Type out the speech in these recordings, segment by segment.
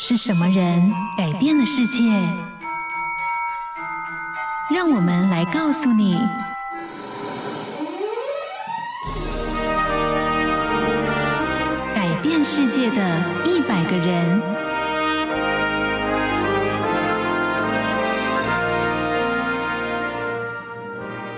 是什麼人改變了世界？讓我們來告訴你：改變世界的一百個人。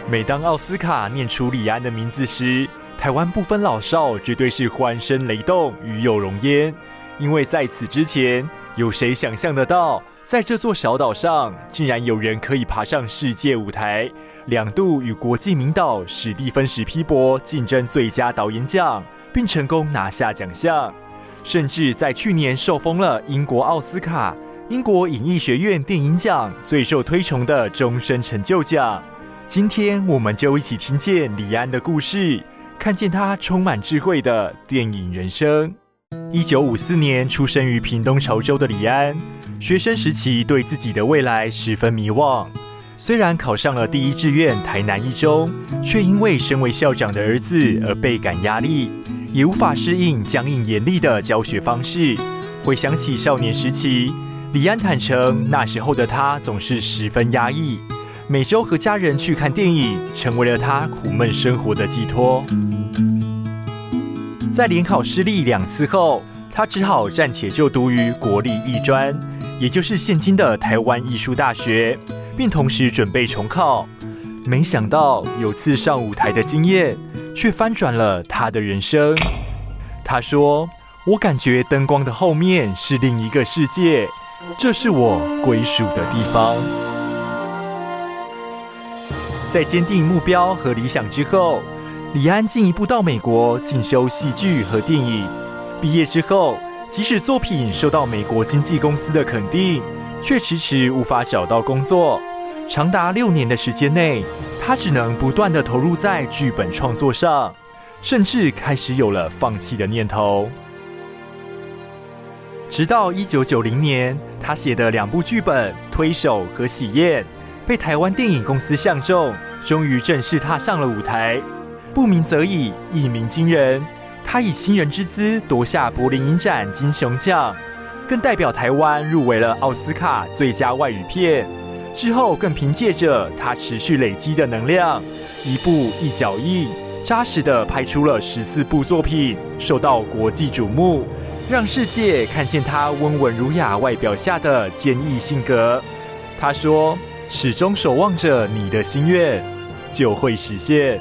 每當奧斯卡念出李安的名字時，台灣不分老少，絕對是歡聲雷動，與有榮焉。因為在此之前，有誰想象得到，在這座小島上，竟然有人可以爬上世界舞台，兩度與國際名導史蒂芬史匹柏競爭最佳導演獎，並成功拿下獎項，甚至在去年受封了英國奧斯卡、英國影藝學院電影獎最受推崇的終身成就獎。今天，我們就一起聽見李安的故事，看見他充滿智慧的電影人生。一九五四年出生於屏東潮州的李安，學生時期對自己的未來十分迷惘。雖然考上了第一志願台南一中，卻因為身為校長的兒子而倍感壓力，也無法適應僵硬嚴厲的教學方式。回想起少年時期，李安坦承，那時候的他總是十分壓抑。每週和家人去看電影，成為了他苦悶生活的寄託。在聯考失利兩次後，他只好暫且就讀於國立藝專，也就是現今的台灣藝術大學，並同時準備重考。沒想到有次上舞台的經驗，卻翻轉了他的人生。他說：“我感覺燈光的後面是另一個世界，這是我歸屬的地方。”在堅定目標和理想之後，李安進一步到美國進修戲劇和電影，畢業之後，即使作品受到美國經紀公司的肯定，卻遲遲無法找到工作。長達六年的時間內，他只能不斷地投入在劇本創作上，甚至開始有了放棄的念頭。直到一九九零年，他寫的兩部劇本《推手》和《喜宴》被台灣電影公司相中，終於正式踏上了舞台。不鳴則已，一鳴驚人。他以新人之姿奪下柏林影展金熊獎，更代表台灣入圍了奧斯卡最佳外語片。之後更憑借着他持續累積的能量，一步一腳印，紮實地拍出了十四部作品，受到國際矚目，讓世界看見他溫文儒雅外表下的堅毅性格。他說：“始終守望着你的心願，就會實現。”